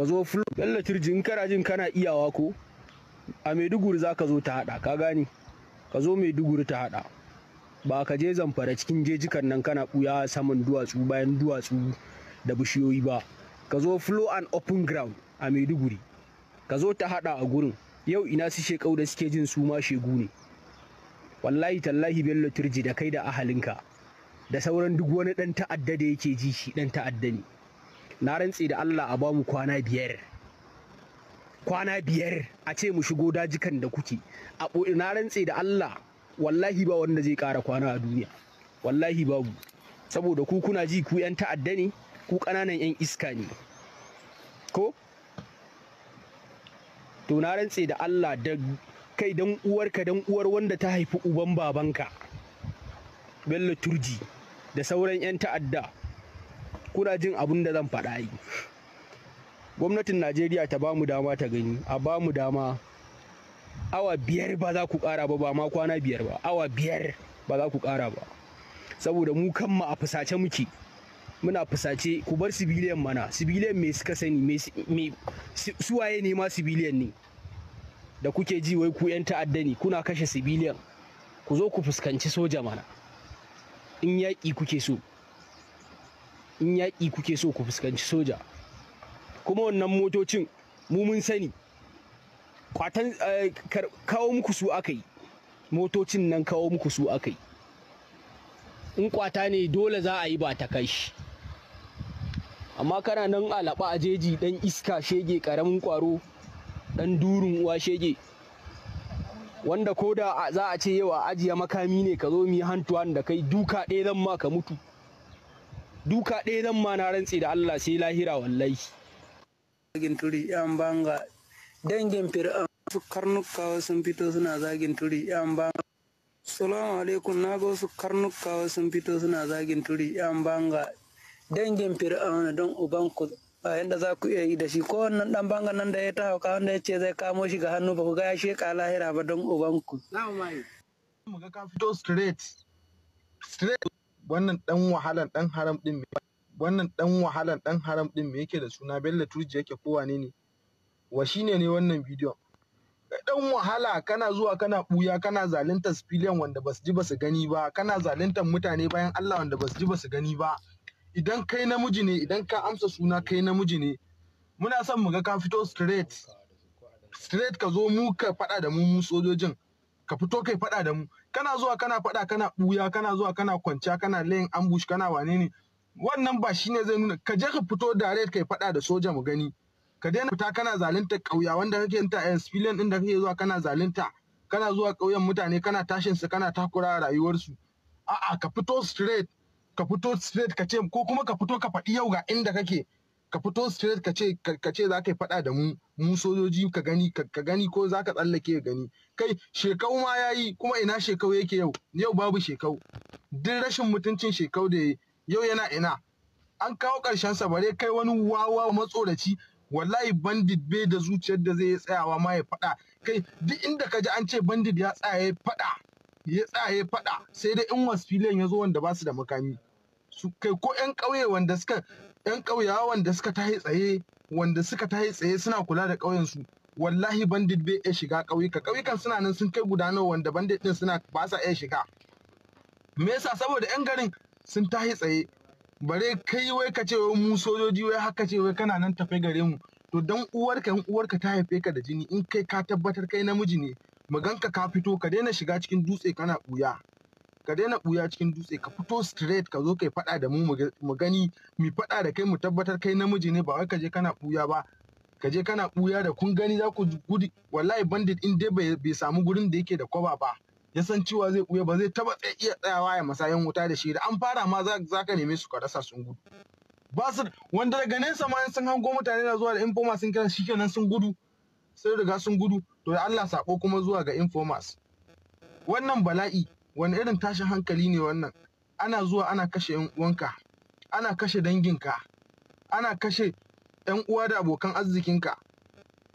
ka zo turji in kana jin kana iyawa ko a maiduguri za ka zo ta hada ka gani ka zo maiduguri ta hada ba ka je zamfara cikin jejikan nan kana buya saman duwatsu bayan duwatsu da bishiyoyi ba ka zo flow and open ground a maiduguri ka zo ta hada a gurin yau ina su shekau da suke jin su ma shegu ne wallahi tallahi bello turji da kai da ahalinka da sauran duk wani dan ta'adda da yake ji shi dan ta'adda ne na rantse da Allah a bamu kwana biyar kwana biyar a ce mu shigo dajikan da kuke a na rantse da Allah wallahi ba wanda zai ƙara kwana a duniya wallahi babu saboda ku kuna ji ku 'yan ta'adda ne ku ƙananan 'yan iska ne ko to na rantse da Allah da kai dan uwarka dan uwar wanda ta haifi uban babanka bello turji da sauran 'yan ta'adda kuna jin abin da zan faɗa yi gwamnatin najeriya ta bamu dama ta gani a bamu dama awa biyar ba za ku ƙara ba ba ma kwana biyar ba awa biyar ba za ku ƙara ba saboda mu kanmu a fusace muke muna fusace ku bar sibiliyan mana sibiliyan me suka sani suwaye ne ma sibiliyan ne da kuke ji wai ku 'yan ta'adda ne kuna kashe sibiliyan ku zo ku fuskanci soja mana in yaƙi kuke so in yaƙi kuke so ku fuskanci soja kuma wannan motocin mu mun sani kwatan eh, kawo muku su aka yi motocin nan kawo muku su aka yi in kwata ne dole za a yi ba ta kashi amma kana nan alaɓa a jeji ɗan iska shege ƙaramin ƙwaro, dan durin uwa shege wanda ko da za a ce yau a ajiye makami ne ka zo mu yi hantuwa da kai duka ɗaya zan ma ka mutu duka ɗaya nan ma na rantse da Allah sai lahira wallahi zagin turi yan banga dangin fir'an su karnukawa sun fito suna zagin turi yan banga salamu alaikum na ga su karnukawa sun fito suna zagin turi yan banga dangin fir'auna don ubanku a yadda za ku iya yi da shi ko wannan dan banga nan da ya ta hauka wanda ya ce zai kamo shi ga hannu ba ku ga ya sheka lahira ba don ubanku. Na'am mai. Mu ga ka fito straight. Straight. wannan ɗan wahalan ɗan haram ɗin me wannan ɗan wahalan ɗan haram ɗin me yake da suna Bello Turji yake ko wane ne wa shine ne wannan bidiyon dan wahala kana zuwa kana buya kana zaluntar civilian wanda basu ji basu gani ba kana zaluntar mutane bayan Allah wanda basu ji basu gani ba idan kai namiji ne idan ka amsa suna kai namiji ne muna son mu ga ka fito straight straight ka zo mu ka faɗa da mu mu sojojin ka fito kai faɗa da mu kana zuwa kana faɗa kana ɓuya kana zuwa kana kwanciya kana layin ambush kana wane ne wannan ba shine zai nuna ka je ka fito direct kai faɗa da soja mu gani ka daina fita kana zalunta ƙauya wanda kake ta a civilian din da kake zuwa kana zalunta kana zuwa ƙauyen mutane kana tashin su kana takura rayuwarsu a'a ka fito straight ka fito straight ka ce ko kuma ka fito ka faɗi yau ga inda kake ka fito straight ka ce ka ce zaka yi faɗa da mu mu sojoji ka gani ka gani ko zaka tsallake ka gani kai shekau ma yayi kuma ina shekau yake yau yau babu shekau duk rashin mutuncin shekau da yau yana ina an kawo ƙarshen sa bare kai wani wawa matsoraci wallahi bandit bai da zuciyar da zai yi tsayawa ma ya faɗa kai duk inda ka ji an ce bandit ya tsaya ya faɗa ya tsaya ya faɗa sai dai in wasu filiyan ya zo wanda ba su da makami su kai ko yan ƙauye wanda suka 'yan ƙauyawan da suka tahi tsaye wanda suka tahi tsaye suna kula da ƙauyensu wallahi bandit bai iya shiga ƙauyuka ƙauyukan suna nan sun kai gudanar wanda bandit ɗin suna ba sa iya shiga me yasa saboda 'yan garin sun tahi tsaye bare kai wai ka ce wai mu sojoji wai haka ce wai kana nan tafe gare mu to dan uwarka in uwarka ta haife ka da jini in kai ka tabbatar kai namiji ne maganka ka fito ka daina shiga cikin dutse kana ɓuya ka daina ɓuya cikin dutse ka fito straight ka zo kai faɗa da mu mu gani mu faɗa da kai mu tabbatar kai namiji ne ba wai ka je kana ɓuya ba ka je kana ɓuya da kun gani za ku gudu wallahi bandit in dai bai samu gurin da yake da kwaba ba ya san cewa zai ɓuya ba zai taba iya tsayawa ya masayan wuta da shi da an fara ma za ka neme su ka rasa sun gudu ba su wanda daga nesa ma sun hango mutane na zuwa da informa sun kira shikenan sun gudu sai riga sun gudu to da Allah sako kuma zuwa ga informa wannan bala'i Wani irin tashin hankali ne wannan? Ana zuwa ana kashe ‘yan uwanka, ana kashe danginka, ana kashe ‘yan uwa da abokan arzikinka.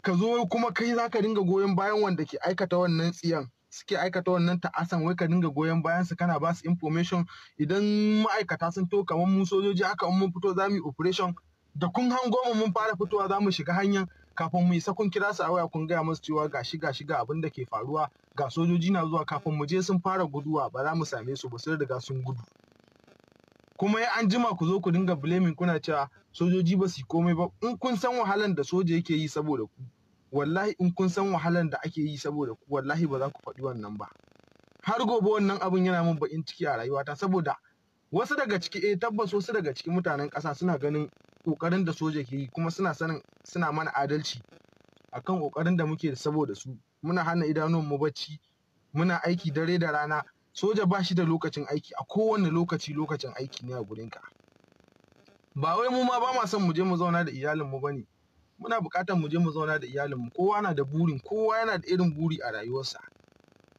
Ka zo kuma kai za ka dinga goyon bayan wanda ke aikata wannan tsiyan. suke aikata wannan ta'asan wai ka dinga goyon bayan su kana ba su information idan ma'aikata sun to kamar mu sojoji haka in mun fito za mu yi operation da kun hango mu mun fara fitowa za mu shiga hanyar kafin mu isa kun kira su a waya kun gaya musu cewa ga gashi ga abin da ke faruwa ga sojoji na zuwa kafin mu je sun fara guduwa ba za mu same su ba sun riga sun gudu kuma ya an jima ku zo ku dinga blaming kuna cewa sojoji ba su komai ba in kun san wahalan da soja yake yi saboda ku wallahi in kun san wahalan da ake yi saboda ku wallahi ba za ku faɗi wannan ba har gobe wannan abin yana min baƙin ciki a rayuwata saboda wasu daga ciki eh tabbas wasu daga cikin mutanen ƙasa suna ganin ƙoƙarin da soja ke yi kuma suna sanin suna mana adalci akan ƙoƙarin da muke saboda su muna hana idanunmu bacci muna aiki dare da rana soja ba shi da lokacin aiki a kowane lokaci lokacin aiki ne a gurinka ba wai mu ma ba ma son mu je mu zauna da iyalinmu ba ne muna buƙatar mu je mu zauna da iyalinmu kowa na da burin kowa yana da irin buri a rayuwarsa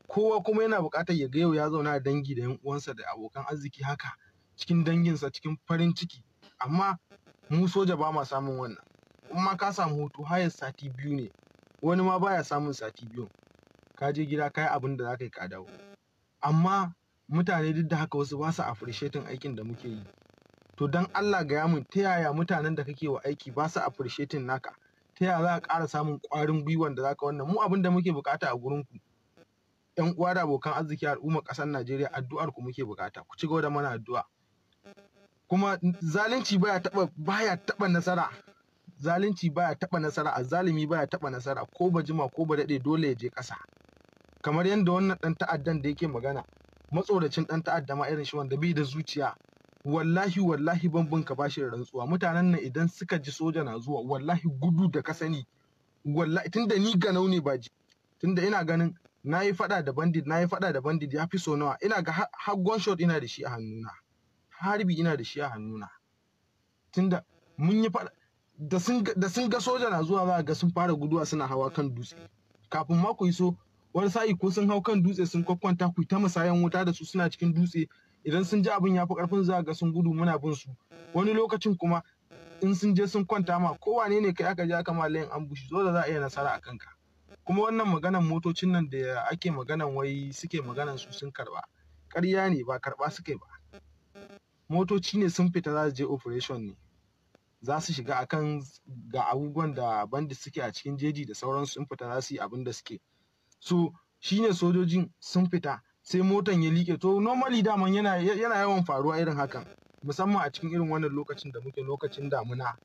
kowa kuma yana buƙatar ya ga yau ya zauna da dangi da 'yan uwansa da abokan arziki haka cikin danginsa cikin farin ciki amma mu soja ba ma samun wannan in ma ka samu hutu hayar sati biyu ne wani ma baya samun sati biyun ka je gida ka yi abin da za ka yi ka dawo amma mutane duk da haka wasu ba su appreciating aikin da muke yi to dan Allah gaya min ta yaya mutanen da kake wa aiki ba su appreciating naka ta yaya za ka ƙara samun ƙwarin gwiwan da zaka wannan mu abin da muke bukata a gurin ku ƴan uwa da abokan arziki al'ummar ƙasar Najeriya addu'ar ku muke bukata ku ci gaba da mana addu'a kuma zalunci baya taba baya taba nasara zalunci baya taba nasara azzalimi baya taba nasara ko bajima ko ba dade dole ya je kasa kamar yadda wannan dan ta'addan da yake magana matsoracin dan ta'adda ma irin shi wanda bai da zuciya wallahi wallahi bambun ka bashi rantsuwa mutanen nan idan suka ji soja na zuwa wallahi gudu da ka sani wallahi tunda ni ganau ne baji tunda ina ganin nayi fada da bandit nayi fada da bandit ya fi so nawa ina ga har shot, ina da shi a hannuna harbi ina da shi a hannuna tunda mun yi fada da sun ga soja na zuwa za ga sun fara guduwa suna hawa kan dutse kafin ma ku iso wani sa'i ko sun hau kan dutse sun kwakwanta ku ta musayan wuta da su suna cikin dutse idan sun ji abin ya fi karfin za ga sun gudu muna bin su wani lokacin kuma in sun je sun kwanta ma ko wane ne kai aka je aka ma layin ambushi zo da za a iya nasara a kanka kuma wannan maganan motocin nan da ake maganan wai suke maganan su sun karba ƙarya ne ba karba suke ba motoci ne sun fita za su je operation ne za su shiga akan ga abubuwan da bandi suke a cikin jeji da sauransu sun fita za su yi abin da suke so shine sojojin sun fita sai motan ya liƙe to normally daman yana yana yawan faruwa irin hakan musamman a cikin irin wannan lokacin da muke lokacin damuna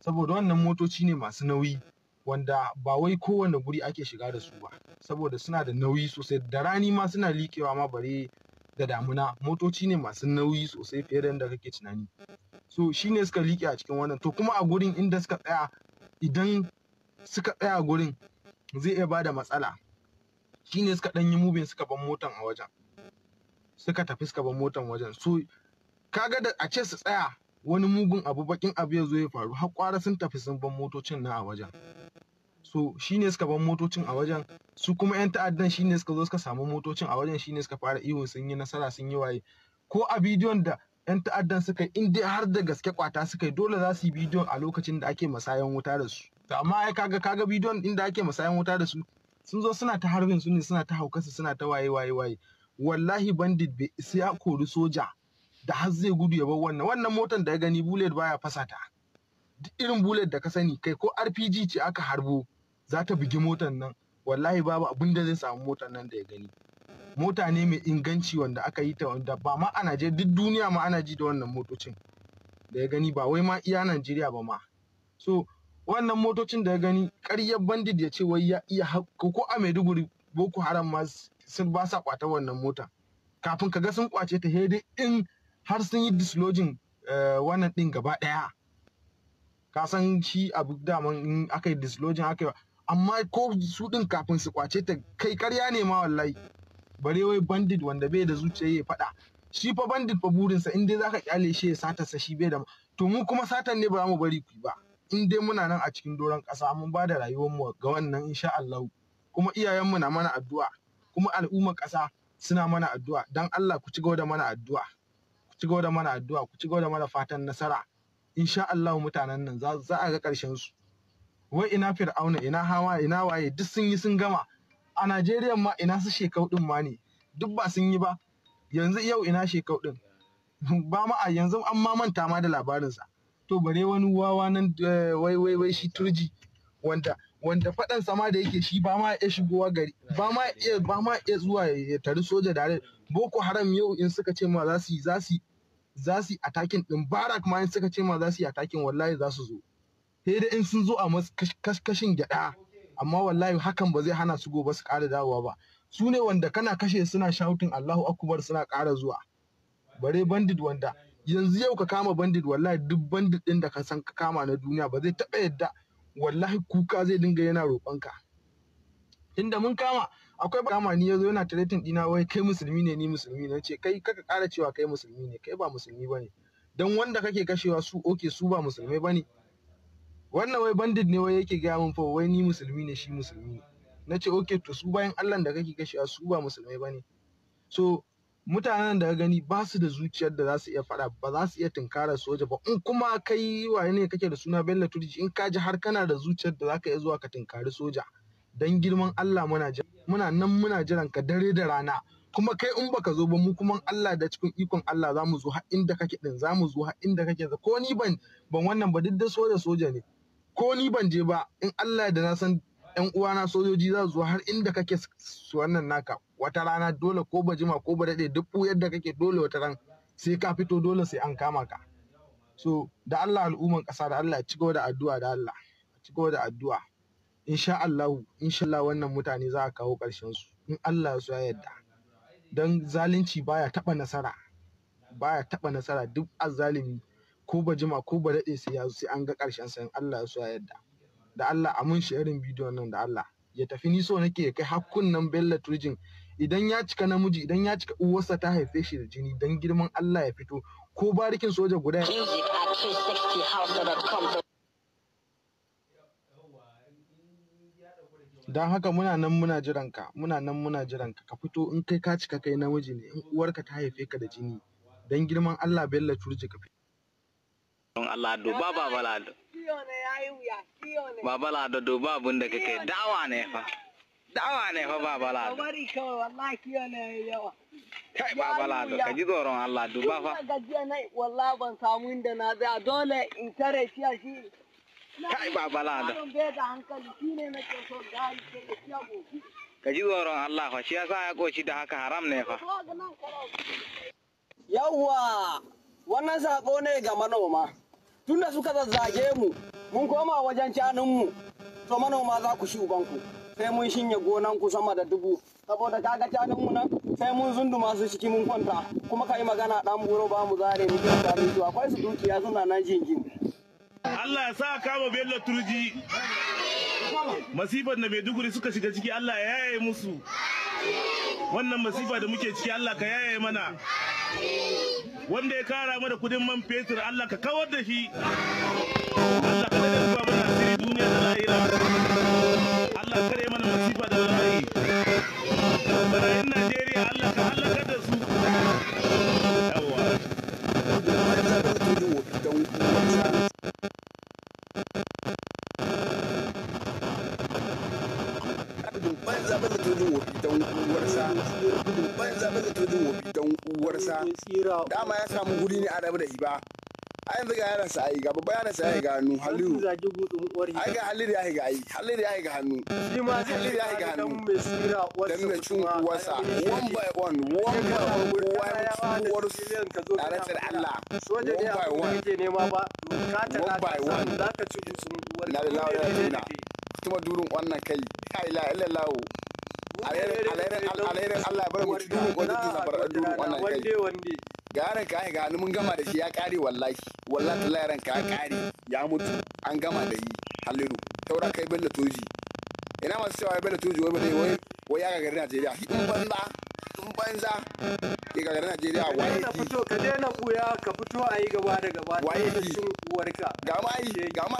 saboda wannan motoci ne masu nauyi wanda ba wai kowane guri ake shiga da su ba saboda suna da nauyi sosai da rani ma suna liƙewa ma bare da damuna motoci ne masu nauyi sosai fiye da yadda kake tunani so shine suka liƙe a cikin wannan to kuma a gurin inda suka tsaya idan suka tsaya a gurin zai iya bada matsala shine suka ɗan yi mubin suka ban motan a wajen suka tafi suka ban motan wajen so kaga da a ce su tsaya wani mugun abu baƙin abu ya zo ya faru har kwara sun tafi sun ban motocin na a wajen so shine suka ban motocin a wajen su kuma yan ta'addan shine suka zo suka samu motocin a wajen shine suka fara ihu sun yi nasara sun yi waye ko a bidiyon da yan ta'addan suka yi in dai har da gaske kwata suka yi dole za su yi bidiyon a lokacin da ake masayan wuta da su to amma ai kaga kaga bidiyon inda ake masayan wuta da su sun zo suna ta harbin su ne suna ta haukarsu suna ta waye waye waye wallahi bandit bai sai ya kori soja da har zai gudu ya bar wannan wannan motan da ya gani bullet baya fasa ta duk irin bullet da ka sani kai ko rpg ce aka harbo za ta bugi motan nan wallahi babu abin da zai samu motar nan da ya gani mota ne mai inganci wanda aka yi ta wanda ba ma a Najeriya duk duniya ma ana ji da wannan motocin da ya gani ba wai ma iya Najeriya ba ma so wannan motocin da ya gani ƙaryar bandit ya ce wai ya iya ko a Maiduguri Boko Haram ma sun ba sa kwata wannan mota kafin ka ga sun kwace ta dai in har sun yi dislodging eh, wannan din gaba daya kasan shi abu daman in aka yi dislodging aka amma ko su din kafin su kwace ta kai karya ne ma wallahi bare wai bandit wanda bai da zuciya ya faɗa shi fa bandit fa burinsa in dai zaka kyale shi ya sata sa shi bai da to mu kuma satan ne ba mu bari ku ba in dai muna nan a cikin doron ƙasa mun ba da rayuwar mu ga wannan insha Allah kuma iyayenmu na mana addu'a kuma al'ummar ƙasa suna mana addu'a dan Allah ku ci gaba da mana addu'a ku ci gaba da mana addu'a ku ci gaba da mana fatan nasara insha Allah mutanen nan za a ga ƙarshen su wai ina fir'auna ina hama ina waye duk sun yi sun gama a najeriya ma ina su shekau din ma ne duk ba sun yi ba yanzu yau ina shekau din ba ma a yanzu an ma manta ma da labarinsa to bare wani wawa nan eh, wai wai wai shi turji wanda wanda faɗan sama da yake shi ba ma ya shigowa gari ba ma ya ba ma ya zuwa ya tari soja da boko haram yau in suka ce ma za su yi za su za su yi attacking din barak ma in suka ce ma za su yi attacking wallahi za su zo sai dai in sun zo a masu kashin gyada amma wallahi hakan ba zai hana su gobe su ƙara dawowa ba su ne wanda kana kashe suna shautin Allahu akubar suna ƙara zuwa bare bandit wanda yanzu yau ka kama bandit wallahi duk bandit din da ka san ka kama na duniya ba zai taɓa yadda wallahi kuka zai dinga yana roƙonka inda mun kama akwai kama ni yazo yana tiretin dina wai kai musulmi ne ni musulmi ne ce kai kaka ƙara cewa kai musulmi ne kai ba musulmi bane dan wanda kake kashewa su oke su ba musulmai bane wannan wai bandit ne wai yake gaya min fa wai ni musulmi ne shi musulmi ne na okay to su bayan Allah da kake kashewa su ba musulmai bane so mutanen da gani ba su da zuciyar da za su iya fada ba za su iya tunkara soja ba in kuma kai waye ne kake da suna Bello Turji in ka ji har kana da zuciyar da za ka iya zuwa ka tunkari soja dan girman Allah muna muna nan muna jiran ka dare da rana kuma kai in baka zo ba mu kuma Allah da cikin ikon Allah za mu zo har inda kake din za mu zo har inda kake ko ni ban ban wannan ba duk soja soja ne ko ni ban je ba in Allah da na san yan uwana sojoji za su zo har inda kake su wannan naka wata rana dole ko ba jima ko ba daɗe duk yadda kake dole wata ran sai ka fito dole sai an kama ka so da Allah al'umman ƙasa da Allah ci gaba da addu'a da Allah ci gaba da addu'a insha Allah insha Allah wannan mutane za a kawo ƙarshen su in Allah ya yarda dan zalunci baya taɓa nasara baya taɓa nasara duk azzalimi ko ba jima ko ba daɗe sai ya zo sai an ga ƙarshen sa in Allah ya so ya yarda da Allah a mun sharing bidiyon nan da Allah ya tafi ni so nake kai hakkun nan Bello Turjin idan ya cika namiji idan ya cika uwarsa ta haife shi da jini dan girman Allah ya fito ko barikin soja guda don haka muna nan muna jiranka muna nan muna jiranka ka fito in kai ka cika kai namiji ne in uwarka ta haife ka da jini dan girman Allah Bello Turji ka fito don Allah balado. babalado babalado duba abin da kake dawa ne fa dawa ne fa babalado kai babalado ka ji tsoron Allah duba fa gajiya nai wallahi ban samu inda na zai dole in tare shi shi kai babalado ka ji tsoron Allah fa shi yasa ya koci da haka haram ne fa yawwa wannan sako ne ga manoma tun da suka zazzage mu mun koma wajen mu to manoma za ku shi ubanku sai mun shinye ku sama da dubu saboda kaga mu nan sai mun zundu masu ciki mun kwanta kuma ka yi magana dan buro ba mu zare mu da su akwai su dukiya suna nan jinjin Allah ya sa kama bello turji masifar na maiduguri suka shiga ciki Allah ya yaye musu wannan masifa da muke ciki Allah ka yaye mana wanda ya kara mana kudin man fetur Allah ka kawar da shi Allah ka daga zuwa mana asiri duniya da lahira Allah kare mana masifa da lahari barayin Najeriya Allah ka halaka da su dama a rabu da iba a yanzu ga yaran sa ayi ga babba yaran sa ayi ga hannu halilu ai ga halilu ya ga ayi halilu ya ga hannu shi ma halilu ya ga hannu dan mai cin uwarsa one by one one by one kowa ya uwarsu tare da Allah one by one one by one ka ci uwarsa la ilaha illallah kuma durun wannan kai la ilaha illallah alherin Allah ya bar mutu durun wannan kai yaran ka ya gani mun gama da shi ya kare wallahi wallahi ta yaran ka ya kare ya mutu an gama da yi halliru taura kai bello toji ina masu cewa ya bello toji wai bane wai wai ya gagari najeriya in banza in banza ya gagari najeriya waye ki fito ka daina kuya ka fito a yi gaba da gaba waye ki ga ma ga ma yi ga ma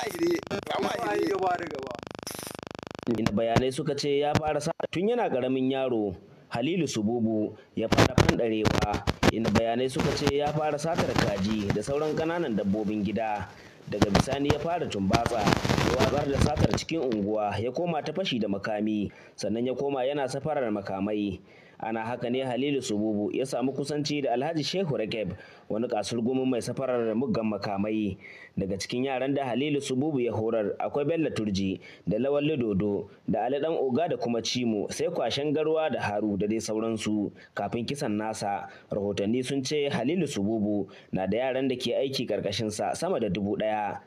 yi gaba da gaba bayanai suka ce ya fara sa tun yana karamin yaro Halilu Sububu ya fara fandarewa inda bayanai suka ce ya fara satar kaji da sauran ƙananan dabbobin gida daga bisani ya fara tumbatsa ya watsar da satar cikin unguwa ya koma ta fashi da makami sannan ya koma yana safarar makamai ana haka ne halilu sububu ya samu kusanci da alhaji shehu rakeb wani kasurgumin mai safarar da muggan makamai daga cikin yaran da halilu sububu ya horar akwai bello turji da lawan dodo da ali oga da kuma cimo sai kwashen garwa da haru da dai sauransu kafin kisan nasa rahotanni sun ce halilu sububu na da yaran da ke aiki sa sama da dubu daya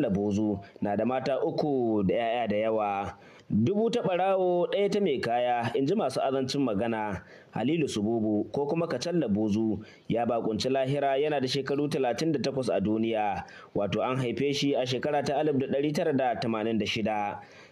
da bozu na da mata uku da 'ya'ya da yawa dubu ta ɓarawo ɗaya ta mai kaya in ji masu azancin magana halilu sububu ko kuma kacalla bozu ya bakunci lahira yana da shekaru 38 a duniya wato an haife shi a shekara ta 1986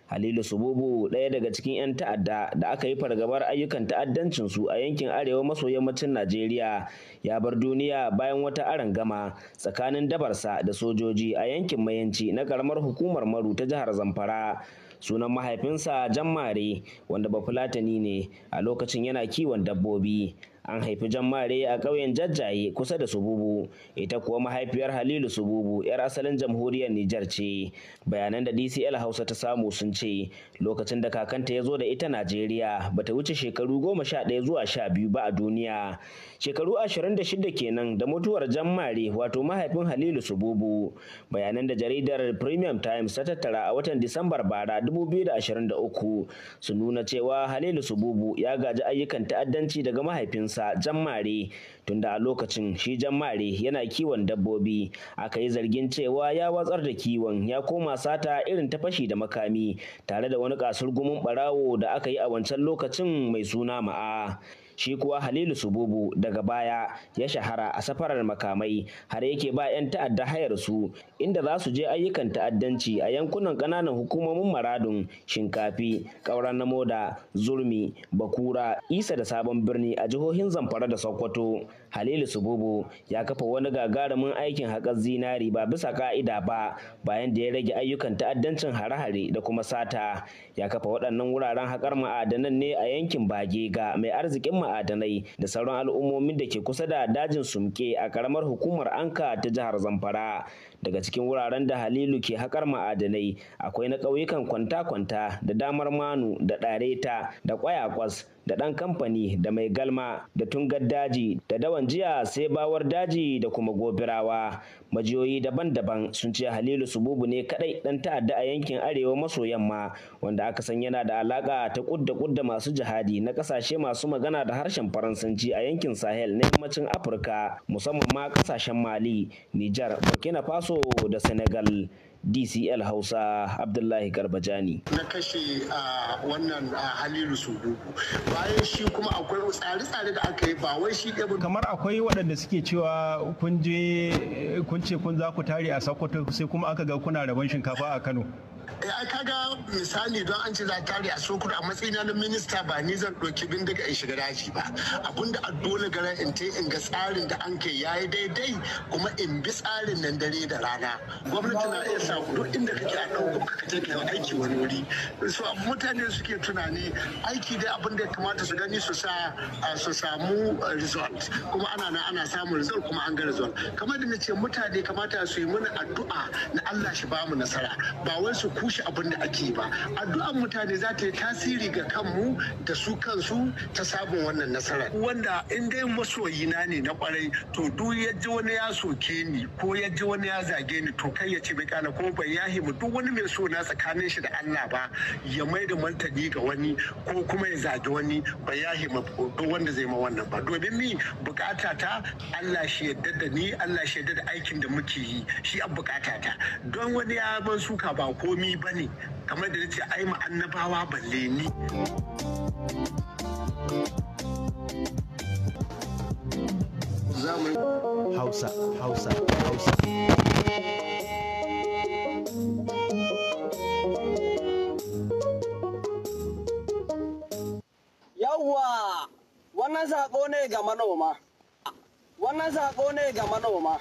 halilu sububu ɗaya daga cikin 'yan ta'adda da aka yi fargabar ayyukan ta'addancin a yankin arewa maso yammacin najeriya ya bar duniya bayan wata aron gama tsakanin dabarsa da sojoji a yankin mayanci na karamar hukumar maru ta jihar zamfara sunan mahaifinsa jan mare wanda bafulatani ne a lokacin yana kiwon dabbobi an haifi jan mare a ƙauyen jajjaye kusa da sububu ita kuwa mahaifiyar halilu sububu yar asalin jamhuriyar nijar ce bayanan da dcl hausa ta samu sun ce lokacin da kakanta ya zo da ita najeriya ba ta wuce shekaru goma sha ɗaya zuwa sha biyu ba a duniya shekaru ashirin da shida kenan da mutuwar jan mare wato mahaifin halilu sububu bayanan da jaridar premium times ta tattara a watan disambar bara 2023 su nuna cewa halilu sububu ya gaji ayyukan ta'addanci daga mahaifinsa Jan Jammare tunda a lokacin shi Jan Jammare yana kiwon dabbobi aka yi zargin cewa ya watsar da kiwon ya koma sata irin ta fashi da makami tare da wani kasurgumin barawo da aka yi a wancan lokacin mai suna ma'a. shi kuwa Halilu Sububu daga baya ya shahara a safarar makamai har yake ba 'yan ta'adda hayar su inda za su je ayyukan ta'addanci a yankunan ƙananan hukumomin Maradun, Shinkafi, Ƙauran na Moda, Zurmi, Bakura, Isa da Sabon Birni a jihohin Zamfara da Sokoto. Halilu Sububu ya kafa wani gagarumin aikin haƙar zinari ba bisa ka'ida ba bayan da ya rage ayyukan ta'addancin hare-hare da kuma sata. Ya kafa waɗannan wuraren haƙar ma'adanan ne a yankin bage ga mai arzikin ma'adanai da sauran al'ummomin da ke kusa da dajin sumke a karamar hukumar anka ta jihar zamfara daga cikin wuraren da halilu ke haƙar ma'adanai akwai na ƙauyukan kwanta-kwanta da damar manu da ɗareta da ƙwayakwas da ɗan kamfani da mai galma da tungar daji da dawan jiya sai bawar daji da kuma gobirawa majiyoyi daban-daban sun ce halilu sububu ne kadai ɗan ta'adda a yankin arewa maso yamma wanda aka san yana da alaka ta kudda kudda masu jihadi na kasashe masu magana da harshen faransanci a yankin sahel na yammacin afirka musamman ma kasashen mali nijar burkina faso da senegal DCL Hausa Abdullahi Garbajani. Na kashe wannan Halilu Sudu. Bayan shi kuma akwai tsare-tsare da aka yi ba wai shi ɗaya Kamar akwai waɗanda suke cewa kun je kun ce kun za ku tare a Sokoto sai kuma aka ga kuna rabon shinkafa a Kano. Eh, ai kaga misali don an ce za a sokoto a matsayina na minista ba ni zan ɗauki bindiga in shiga daji ba abinda a dole gara in te in ga tsarin da an kai yayi daidai kuma in bi tsarin nan dare da rana gwamnati na iya sa duk inda kake a ɗauko ka je aiki wani wuri so mutane suke tunani aiki dai abin da ya kamata su gani su sa su samu result kuma ana na ana samun result kuma an ga result kamar da na ce mutane kamata su yi mana addu'a na Allah shi ba mu nasara ba wai su kushe abin da ake ba addu'an mutane za ta yi tasiri ga kanmu da su kansu ta sabon wannan nasarar wanda in dai masoyina ne na kwarai to duk ya wani ya soke ni ko ya ji wani ya zage ni to kai ya ce bai kana ko ban yahi mu duk wani mai so na tsakanin shi da Allah ba ya mai da martani ga wani ko kuma ya zage wani ban yahi mu duk wanda zai ma wannan ba domin ni bukata ta Allah shi yadda da ni Allah shi yadda da aikin da muke yi shi a bukata ta don wani ya ban suka ba komi komi ba ne kamar da nace ai mu annabawa balle ni hausa hausa hausa yawwa wannan sako ne ga manoma wannan sako ne ga manoma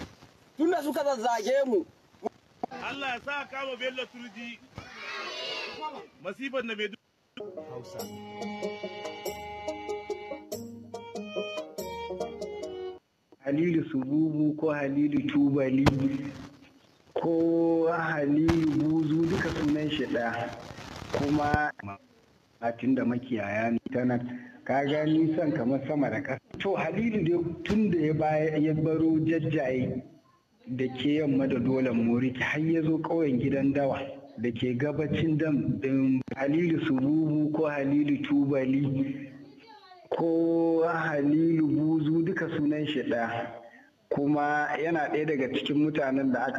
tunda suka zazzage mu Allah ya sa kama bello turji masifar na mai hausa halilu sububu ko halilu tubali ko halilu buzu duka sunan shi ɗaya kuma matin da makiyaya ne ta nan ka ga nisan kamar sama da ƙasa to halilu dai tun da ya baro jajjaye da ke yamma da dolan mori har ya zo ƙauyen gidan dawa da ke gabacin dam din halilu sububu ko halilu tubali ko halilu buzu duka sunan shi ɗaya kuma yana ɗaya daga cikin mutanen da aka